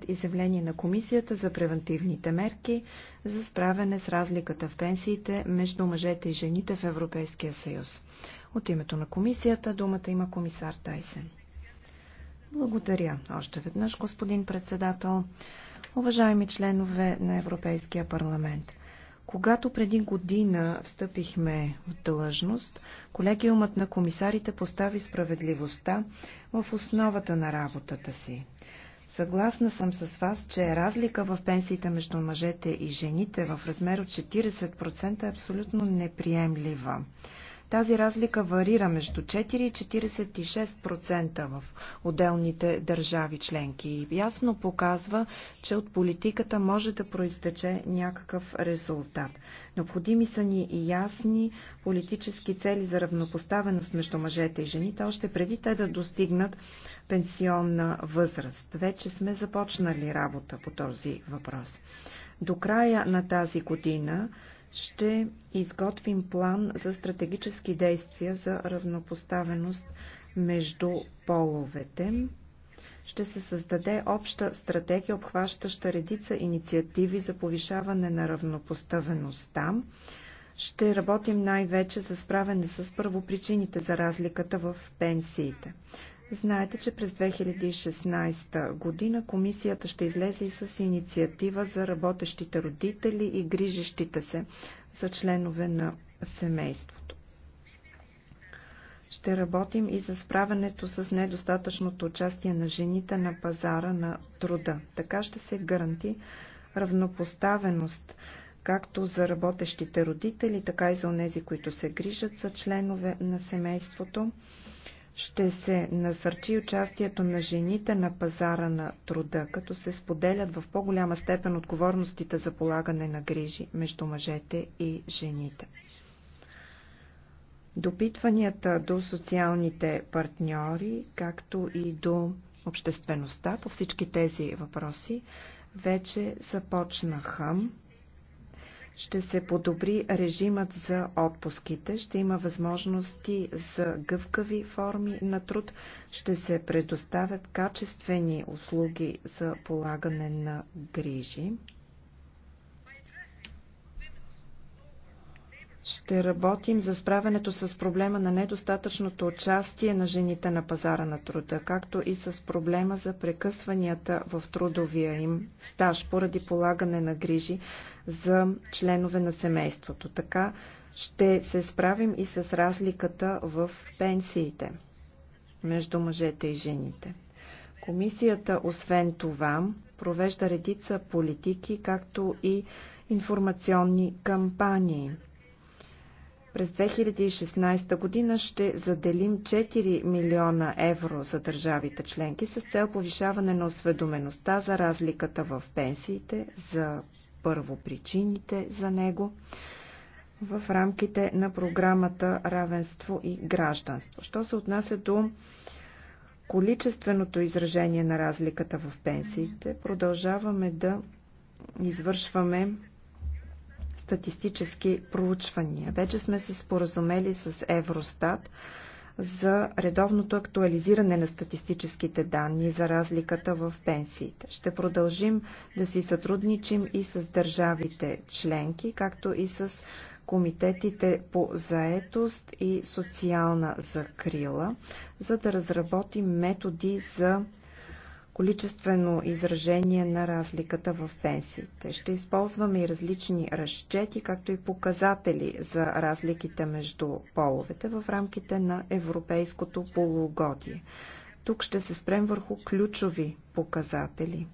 след изявление на Комисията за превентивните мерки за справяне с разликата в пенсиите между мъжете и жените в Европейския съюз. От името на Комисията думата има комисар Тайсен. Благодаря още веднъж, господин председател. Уважаеми членове на Европейския парламент, когато преди година встъпихме в длъжност, колегиумът на комисарите постави справедливостта в основата на работата си. Съгласна съм с вас, че разлика в пенсиите между мъжете и жените в размер от 40% е абсолютно неприемлива. Тази разлика варира между 4 и 46% в отделните държави членки и ясно показва, че от политиката може да произтече някакъв резултат. Необходими са ни и ясни политически цели за равнопоставеност между мъжете и жените, още преди те да достигнат пенсионна възраст. Вече сме започнали работа по този въпрос. До края на тази година ще изготвим план за стратегически действия за равнопоставеност между половете. Ще се създаде обща стратегия, обхващаща редица инициативи за повишаване на равнопоставеността. Ще работим най-вече за справяне с първопричините за разликата в пенсиите. Знаете, че през 2016 година комисията ще излезе и с инициатива за работещите родители и грижещите се за членове на семейството. Ще работим и за справянето с недостатъчното участие на жените на пазара на труда. Така ще се гаранти равнопоставеност както за работещите родители, така и за онези, които се грижат за членове на семейството ще се насърчи участието на жените на пазара на труда, като се споделят в по-голяма степен отговорностите за полагане на грижи между мъжете и жените. Допитванията до социалните партньори, както и до обществеността по всички тези въпроси вече започнаха ще се подобри режимът за отпуските, ще има възможности за гъвкави форми на труд, ще се предоставят качествени услуги за полагане на грижи. Ще работим за справянето с проблема на недостатъчното участие на жените на пазара на труда, както и с проблема за прекъсванията в трудовия им стаж поради полагане на грижи за членове на семейството. Така ще се справим и с разликата в пенсиите между мъжете и жените. Комисията, освен това, провежда редица политики, както и информационни кампании – през 2016 година ще заделим 4 милиона евро за държавите членки с цел повишаване на осведомеността за разликата в пенсиите, за първопричините за него в рамките на програмата Равенство и гражданство. Що се отнася до количественото изражение на разликата в пенсиите, продължаваме да извършваме статистически проучвания. Вече сме се споразумели с Евростат за редовното актуализиране на статистическите данни за разликата в пенсиите. Ще продължим да си сътрудничим и с държавите членки, както и с комитетите по заетост и социална закрила, за да разработим методи за количествено изражение на разликата в пенсиите. Ще използваме и различни разчети, както и показатели за разликите между половете в рамките на европейското полугодие. Тук ще се спрем върху ключови показатели,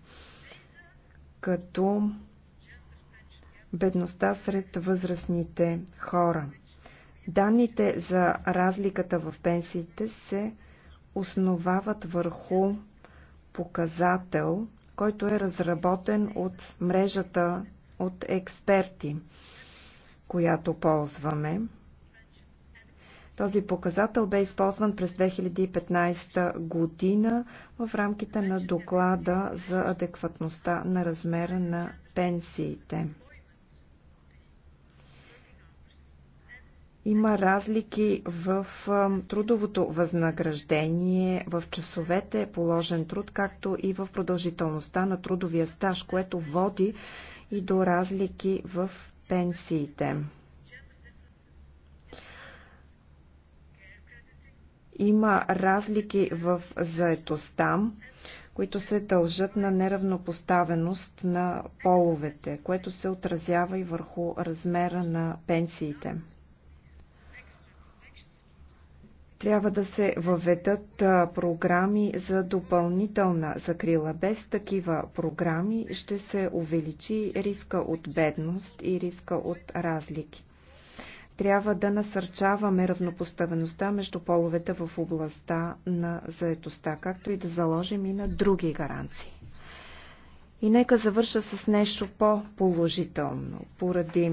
като бедността сред възрастните хора. Данните за разликата в пенсиите се основават върху показател, който е разработен от мрежата от експерти, която ползваме. Този показател бе използван през 2015 година в рамките на доклада за адекватността на размера на пенсиите. Има разлики в трудовото възнаграждение, в часовете е положен труд, както и в продължителността на трудовия стаж, което води и до разлики в пенсиите. Има разлики в заетостта, които се дължат на неравнопоставеност на половете, което се отразява и върху размера на пенсиите трябва да се въведат програми за допълнителна закрила. Без такива програми ще се увеличи риска от бедност и риска от разлики. Трябва да насърчаваме равнопоставеността между половете в областта на заетостта, както и да заложим и на други гаранции. И нека завърша с нещо по-положително. Поради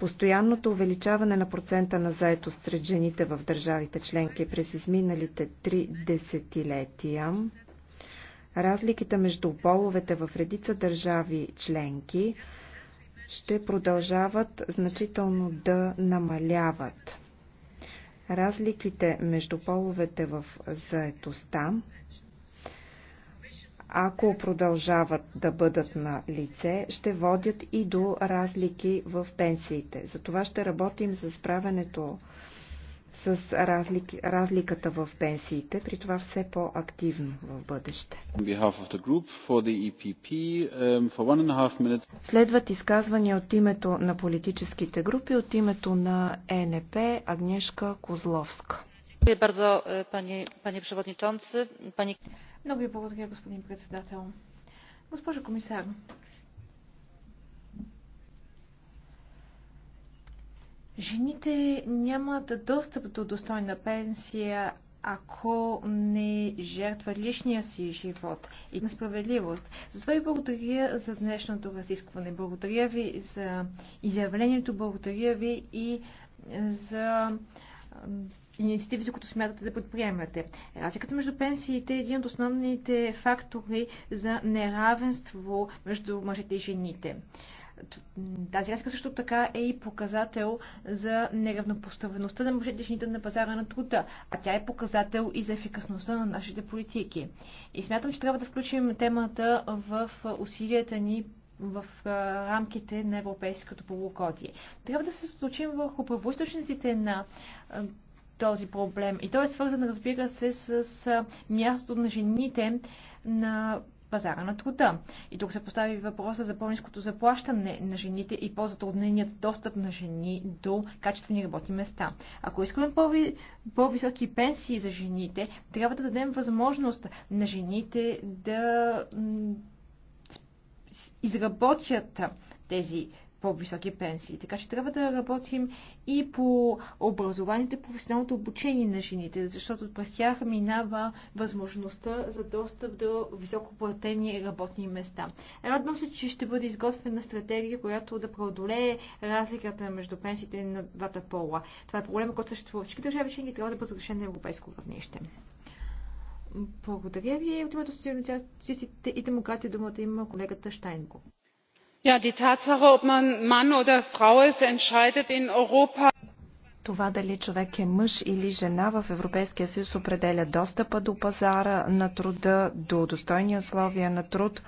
Постоянното увеличаване на процента на заетост сред жените в държавите членки през изминалите три десетилетия, разликите между половете в редица държави членки ще продължават значително да намаляват. Разликите между половете в заетостта ако продължават да бъдат на лице, ще водят и до разлики в пенсиите. Затова ще работим за справянето с разлик, разликата в пенсиите, при това все по-активно в бъдеще. E um, Следват изказвания от името на политическите групи, от името на ЕНП Агнешка Козловска. Много ви благодаря, господин председател. Госпожо комисар, жените нямат достъп до достойна пенсия, ако не жертва личния си живот и на справедливост. Затова ви благодаря за днешното разискване. Благодаря ви за изявлението, благодаря ви и за инициативите, които смятате да предприемате. Разликата между пенсиите е един от основните фактори за неравенство между мъжете и жените. Тази разлика също така е и показател за неравнопоставеността на мъжете и жените на пазара на труда, а тя е показател и за ефикасността на нашите политики. И смятам, че трябва да включим темата в усилията ни в рамките на европейското полукодие. Трябва да се случим върху правоисточниците на този проблем. И той е свързан, разбира се, с мястото на жените на пазара на труда. И тук се постави въпроса за по-низкото заплащане на жените и по-затрудненият достъп на жени до качествени работни места. Ако искаме по-високи пенсии за жените, трябва да дадем възможност на жените да изработят тези по-високи пенсии. Така че трябва да работим и по образованието и професионалното обучение на жените, защото през тях минава възможността за достъп до високоплатени работни места. Радвам се, че ще бъде изготвена стратегия, която да преодолее разликата между пенсиите на двата пола. Това е проблема, който съществува всички държави членки трябва да бъде разрешен на европейско равнище. Благодаря ви. От името социалистите и демократи думата има колегата Штайнко die Tatsache, ob man Mann oder Frau ist, entscheidet in Europa. Това дали човек е мъж или жена в Европейския съюз определя достъпа до пазара на труда, до достойни условия на труд,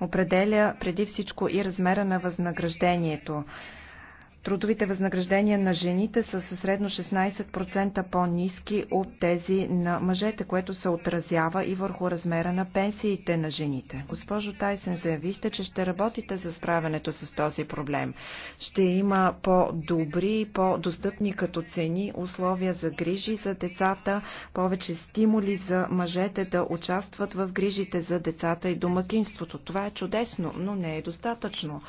определя преди всичко и размера на възнаграждението. Трудовите възнаграждения на жените са със средно 16% по-низки от тези на мъжете, което се отразява и върху размера на пенсиите на жените. Госпожо Тайсен, заявихте, че ще работите за справянето с този проблем. Ще има по-добри и по-достъпни като цени условия за грижи за децата, повече стимули за мъжете да участват в грижите за децата и домакинството. Това е чудесно, но не е достатъчно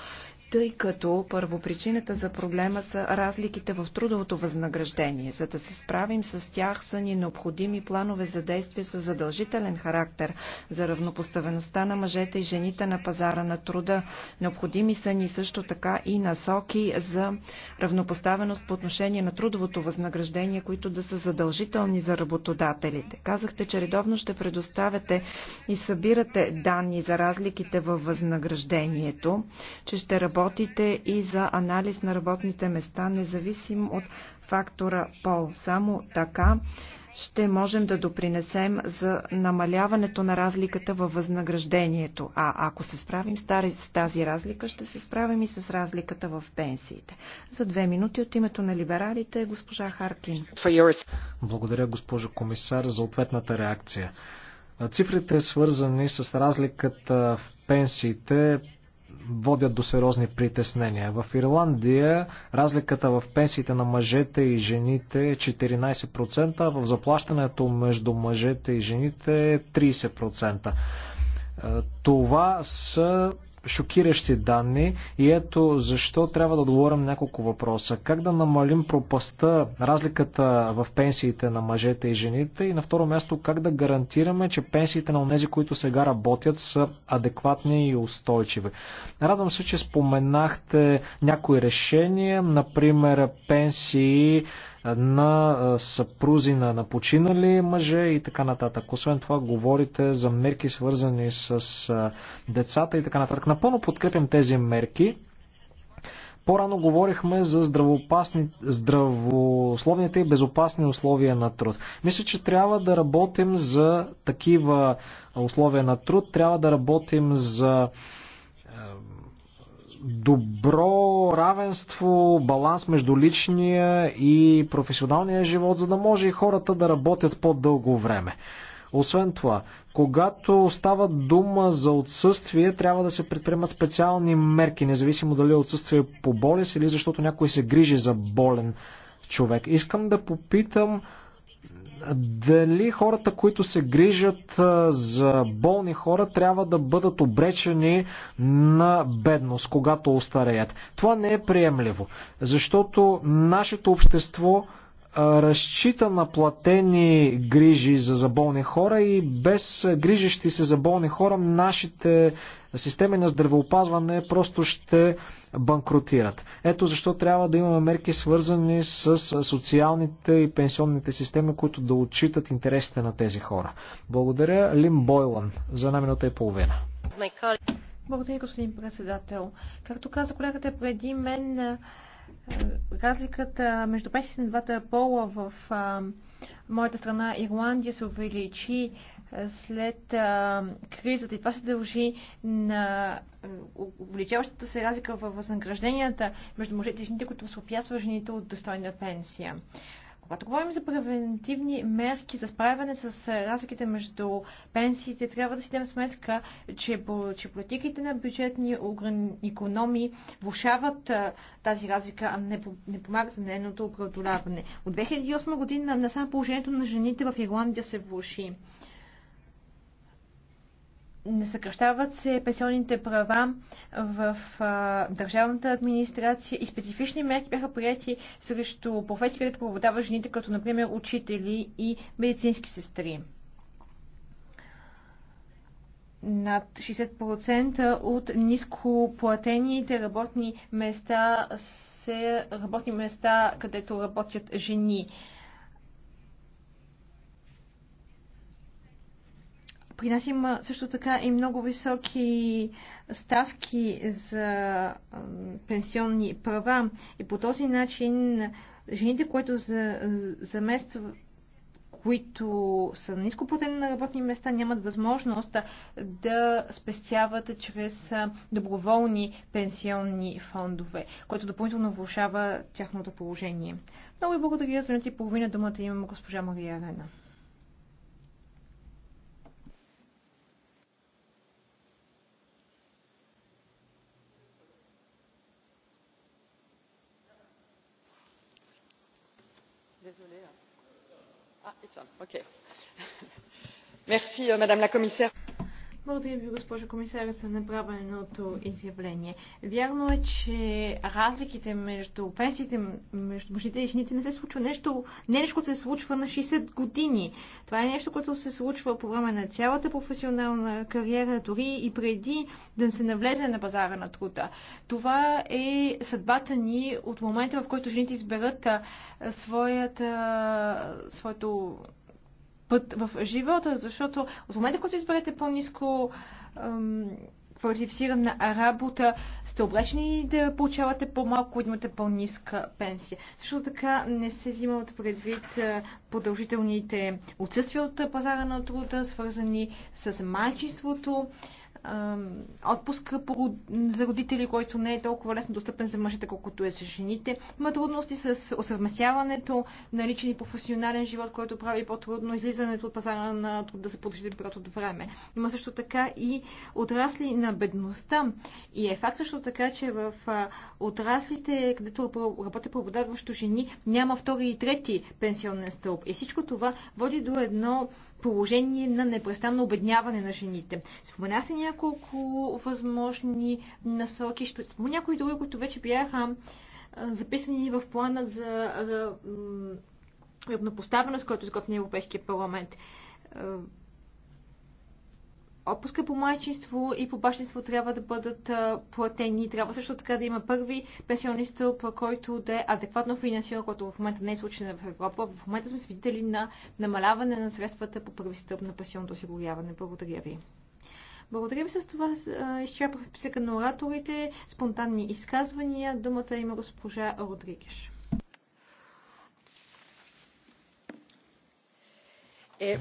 тъй като първопричината за проблема са разликите в трудовото възнаграждение. За да се справим с тях са ни необходими планове за действие с задължителен характер за равнопоставеността на мъжете и жените на пазара на труда. Необходими са ни също така и насоки за равнопоставеност по отношение на трудовото възнаграждение, които да са задължителни за работодателите. Казахте, че редовно ще предоставяте и събирате данни за разликите във възнаграждението, че ще работите квотите и за анализ на работните места, независим от фактора пол. Само така ще можем да допринесем за намаляването на разликата във възнаграждението. А ако се справим с тази разлика, ще се справим и с разликата в пенсиите. За две минути от името на либералите госпожа Харкин. Благодаря, госпожо комисар, за ответната реакция. Цифрите, свързани с разликата в пенсиите, водят до сериозни притеснения. В Ирландия разликата в пенсиите на мъжете и жените е 14%, а в заплащането между мъжете и жените е 30%. Е, това са шокиращи данни и ето защо трябва да отговорим няколко въпроса. Как да намалим пропаста, разликата в пенсиите на мъжете и жените и на второ място как да гарантираме, че пенсиите на тези, които сега работят са адекватни и устойчиви. Радвам се, че споменахте някои решения, например пенсии на съпрузи на, на починали мъже и така нататък. Освен това, говорите за мерки свързани с децата и така нататък. Напълно подкрепям тези мерки. По-рано говорихме за здравословните и безопасни условия на труд. Мисля, че трябва да работим за такива условия на труд, трябва да работим за добро равенство, баланс между личния и професионалния живот, за да може и хората да работят по-дълго време. Освен това, когато става дума за отсъствие, трябва да се предприемат специални мерки, независимо дали е отсъствие по болест или защото някой се грижи за болен човек. Искам да попитам дали хората, които се грижат за болни хора, трябва да бъдат обречени на бедност, когато остареят. Това не е приемливо, защото нашето общество разчита на платени грижи за заболни хора и без грижещи се заболни хора нашите системи на здравеопазване просто ще банкротират. Ето защо трябва да имаме мерки свързани с социалните и пенсионните системи, които да отчитат интересите на тези хора. Благодаря Лим Бойлан за една минута и половина. Благодаря, господин председател. Както каза колегата преди мен, разликата между пенсиите на двата пола в а, моята страна Ирландия се увеличи след а, кризата и това се дължи на увеличаващата се разлика във възнагражденията между мъжете и жените, които възпрепятства жените от достойна пенсия. Когато говорим за превентивни мерки за справяне с е, разликите между пенсиите, трябва да си дадем сметка, че, че политиките на бюджетни економии влушават е, тази разлика, а не, не помагат за нейното преодоляване. От 2008 година насам положението на жените в Ирландия се влуши не съкръщават се пенсионните права в а, държавната администрация и специфични мерки бяха прияти срещу професии, където проводава жените, като например учители и медицински сестри. Над 60% от нископлатените работни места са работни места, където работят жени. При нас има също така и много високи ставки за пенсионни права и по този начин жените, които за, заместват които са на ниско платени на работни места, нямат възможност да спестяват чрез доброволни пенсионни фондове, което допълнително влушава тяхното положение. Много ви благодаря за минути и половина думата имам госпожа Мария Рена. madame la commissaire pour votre réponse. Благодаря ви, госпожа комисаря, за направеното изявление. Вярно е, че разликите между пенсиите, между мъжите и жените не се случва нещо, не нещо, се случва на 60 години. Това е нещо, което се случва по време на цялата професионална кариера, дори и преди да се навлезе на пазара на труда. Това е съдбата ни от момента, в който жените изберат своята, своето път в живота, защото от момента, когато изберете по-низко квалифицирана работа, сте облечени да получавате по-малко, имате по-ниска пенсия. Също така не се взимат предвид продължителните отсъствия от пазара на труда, свързани с майчеството отпуска за родители, който не е толкова лесно достъпен за мъжете, колкото е за жените. Има трудности с осъвместяването на личен и професионален живот, който прави по-трудно излизането от пазара на труда за продължителен период от време. Има също така и отрасли на бедността. И е факт също така, че в отраслите, където работят преобладаващо жени, няма втори и трети пенсионен стълб. И всичко това води до едно положение на непрестанно обедняване на жените. Споменахте някои няколко възможни насоки. Ще спомня някои други, които вече бяха записани в плана за равнопоставеност, който изготвя Европейския парламент отпуска по майчинство и по бащинство трябва да бъдат платени. Трябва също така да има първи пенсионни стълб, който да е адекватно финансиран, който в момента не е случен в Европа. В момента сме свидетели на намаляване на средствата по първи стълб на пенсионното осигуряване. Благодаря ви. Благодаря ви с това. Изчерпах писъка на ораторите, спонтанни изказвания. Думата има госпожа Родригеш. Е,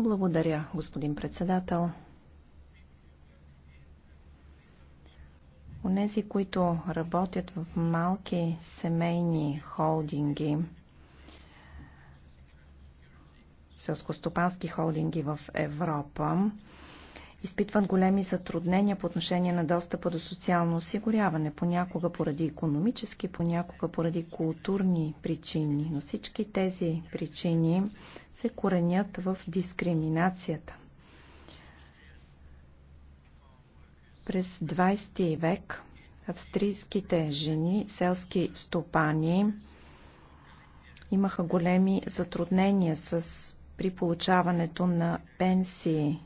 Благодаря, господин председател. Онези, които работят в малки семейни холдинги, селскостопански холдинги в Европа изпитват големи затруднения по отношение на достъпа до социално осигуряване, понякога поради економически, понякога поради културни причини, но всички тези причини се коренят в дискриминацията. През 20 век австрийските жени, селски стопани, имаха големи затруднения с при получаването на пенсии.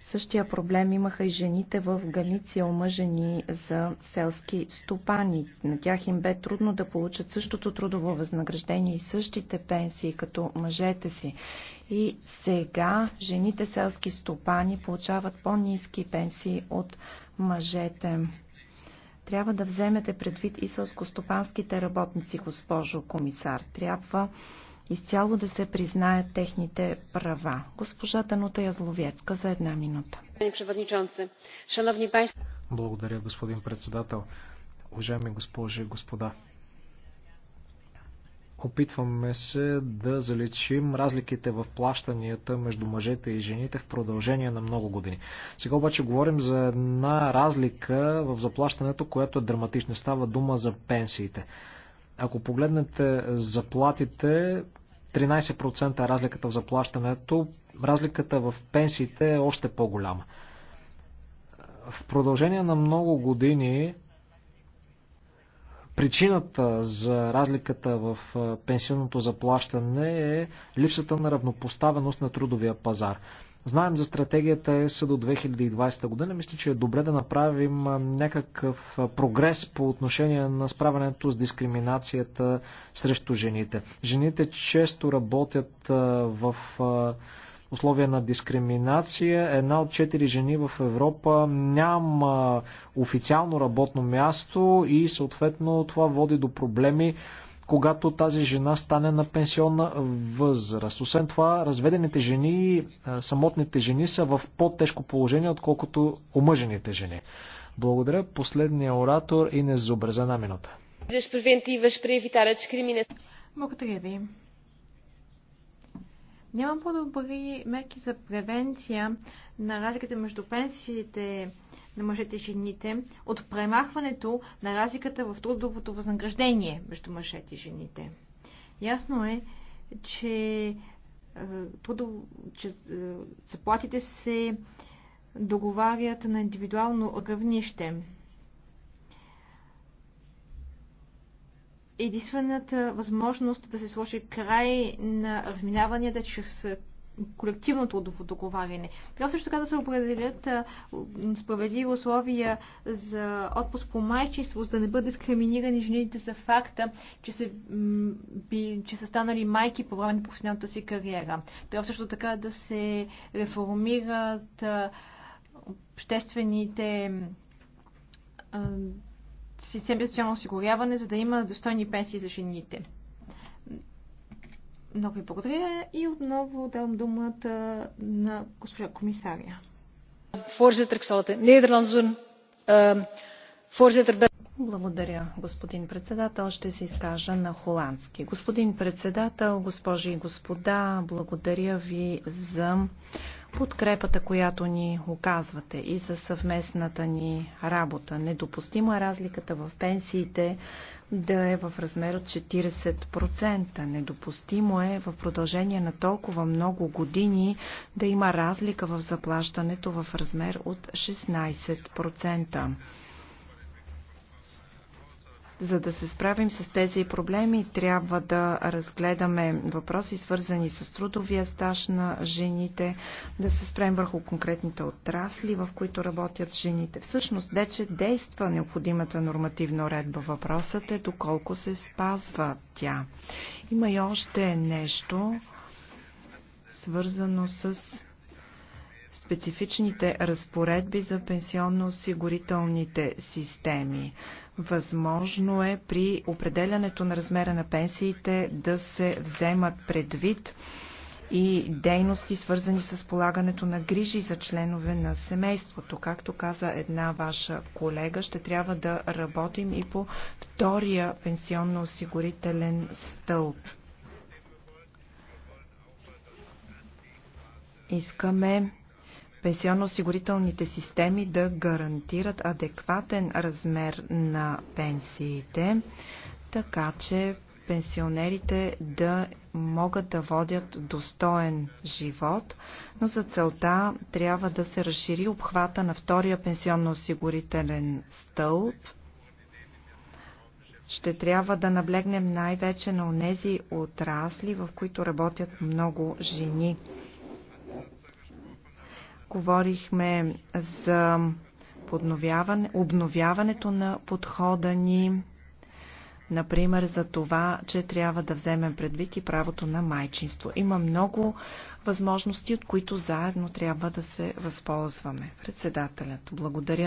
Същия проблем имаха и жените в Галиция, омъжени за селски стопани. На тях им бе трудно да получат същото трудово възнаграждение и същите пенсии като мъжете си. И сега жените селски стопани получават по-низки пенсии от мъжете. Трябва да вземете предвид и сълскостопанските работници, госпожо комисар. Трябва изцяло да се признаят техните права. Госпожа Танута Язловецка за една минута. Благодаря, господин председател. Уважаеми госпожи и господа, опитваме се да заличим разликите в плащанията между мъжете и жените в продължение на много години. Сега обаче говорим за една разлика в заплащането, която е драматична. Става дума за пенсиите. Ако погледнете заплатите, 13% разликата в заплащането, разликата в пенсиите е още по-голяма. В продължение на много години причината за разликата в пенсионното заплащане е липсата на равнопоставеност на трудовия пазар. Знаем за стратегията ЕС до 2020 година. Мисля, че е добре да направим някакъв прогрес по отношение на справянето с дискриминацията срещу жените. Жените често работят в условия на дискриминация. Една от четири жени в Европа няма официално работно място и съответно това води до проблеми когато тази жена стане на пенсионна възраст. Освен това, разведените жени и самотните жени са в по-тежко положение, отколкото омъжените жени. Благодаря. Последния оратор и Зубер за една минута. Благодаря ви. Няма по-добри мерки за превенция на разликата между пенсиите на мъжете и жените от премахването на разликата в трудовото възнаграждение между мъжете и жените. Ясно е, че, е, трудов, че е, заплатите се договарят на индивидуално равнище. единствената възможност да се сложи край на разминаванията чрез колективното договаряне. Трябва също така да се определят справедливи условия за отпуск по майчинство, за да не бъдат дискриминирани жените за факта, че, са, би, че са станали майки по време на професионалната си кариера. Трябва също така да се реформират обществените системи за социално осигуряване, за да има достойни пенсии за жените. Много ви благодаря и отново давам думата на госпожа комисаря. Voorzitter, ik zal het in het Nederlands doen. Ehm, voorzitter, благодаря, господин председател. Ще се изкажа на холандски. Господин председател, госпожи и господа, благодаря ви за подкрепата, която ни оказвате и за съвместната ни работа. Недопустима е разликата в пенсиите да е в размер от 40%. Недопустимо е в продължение на толкова много години да има разлика в заплащането в размер от 16%. За да се справим с тези проблеми, трябва да разгледаме въпроси, свързани с трудовия стаж на жените, да се спрем върху конкретните отрасли, в които работят жените. Всъщност, вече действа необходимата нормативна уредба. Въпросът е доколко се спазва тя. Има и още нещо, свързано с специфичните разпоредби за пенсионно-осигурителните системи. Възможно е при определянето на размера на пенсиите да се вземат предвид и дейности, свързани с полагането на грижи за членове на семейството. Както каза една ваша колега, ще трябва да работим и по втория пенсионно-осигурителен стълб. Искаме пенсионно-осигурителните системи да гарантират адекватен размер на пенсиите, така че пенсионерите да могат да водят достоен живот, но за целта трябва да се разшири обхвата на втория пенсионно-осигурителен стълб. Ще трябва да наблегнем най-вече на онези отрасли, в които работят много жени. Говорихме за подновяване, обновяването на подхода ни, например за това, че трябва да вземем предвид и правото на майчинство. Има много възможности, от които заедно трябва да се възползваме. Председателят, благодаря